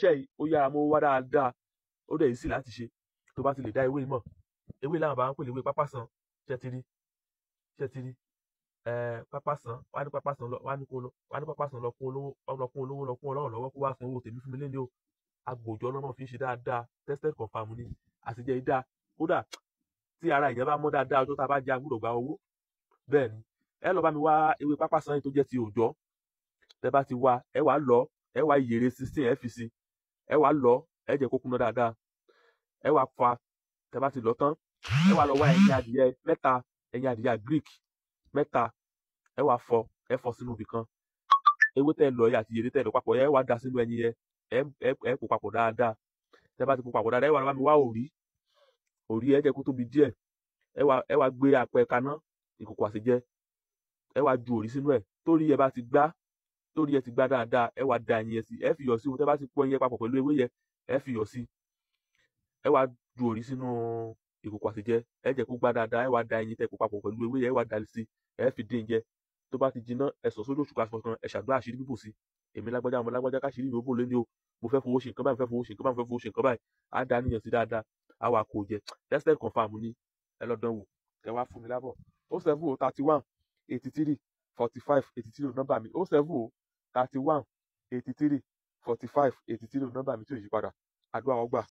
iṣẹ́ yìí ó yára mọ́ wá dáadáa ó dẹ̀ sí láti ṣe tó bá ti lè dá ewé mọ̀ ewé làwọn bá ń pè léwé pápásán ṣẹtiri ṣẹtiri ẹ pápásán wá ní pápásán lọ wá ní kó lọ wá ní pápásán lọ kún olówó lọ kún olówó lọ kún ọlọ́run lọ́wọ́ kó wá san owó tèmi fún mi léde o agbòjọ ọlọ́run fi ń ṣe dáadáa tested confam ni àtijọ́ ìdá kódà tí ara ìyẹn bá mọ́ dáadáa ọjọ́ tá a bá jẹ agbúdọ̀ gba owó bẹ́ẹ̀ ni ẹ lọ bá mi wá ewé pápásán yìí tó jẹ́ ti òòjọ́ tẹ bá ti wá ẹ wá lọ ẹ wá ìyèrè sísìn ẹ fi sí ẹ wàá lọ ẹ jẹ́ kó kúná dáadáa ẹ wàá fa tẹ́ bá ti lọ tán ẹ wàá lọ wá ẹyin adìyẹ mẹ́ta ẹyin adìyẹ greek mẹ́ta ẹ wàá fọ ẹ fọ sínú ibì kan ewé tẹ́ lọ yẹ àti yèrè tẹ́ lọ papọ̀ ẹ wàá da sínú ẹyin yẹ ẹ kó papọ̀ dáadáa tẹ́ bá ti kó papọ̀ dáadáa ẹ wàá bá mi wá òrí òrí ẹ jẹ́ kó tóbi díẹ̀ ẹ wàá ẹ wàá gbé apẹ kaná ìkòkò àṣejẹ ẹ wàá ju òrí sínú ẹ torí ẹ bá ti gbá torí ẹ ti gbá dáadáa ẹ wá da ẹyin yẹn sí ẹ fi iyọ̀ sí ohun tẹ́ bá ti pọ̀ ẹyin yẹn papọ̀ pẹ̀lú ewé yẹn ẹ fi iyọ̀ sí ẹ wá ju òrí sínú ìkòkò àtijẹ ẹ jẹ́ kó gbá dáadáa ẹ wá da ẹyin tẹ́ kó papọ̀ pẹ̀lú ewé yẹn ẹ wá da sí ẹ fi dín jẹ tó bá ti jiná ẹ sọ sójú òṣùpá kan ẹ ṣàdúrà àṣírí bíbò sí èmi lágbájá ọmọ lágbájá káṣírí mi ò bò lónìí o mo fẹ́ fowó ṣe nǹkan báyìí mo fẹ́ fowó ṣe nǹkan báyìí mo fẹ́ fowó ṣe nǹkan báyìí á da níyàn sí dáadáa á wà kó jẹ tested confam ní ẹ lọ dánwò ẹ wá fún mi lábọ̀ o seven oh thirty one eighty three forty five eighty three nọ́mbà mi oh seven oh thirty one eighty three forty five eighty three nọ́mbà mi tí ò yí padà àdúrà wọn